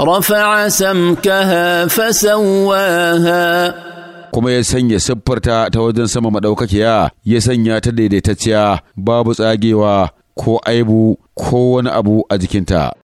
رفع سمكها فسواها kuma ya sanya siffarta ta wajen sama maɗaukakiya ya sanya ta daidaitacciya babu tsagewa ko aibu ko wani abu a jikinta.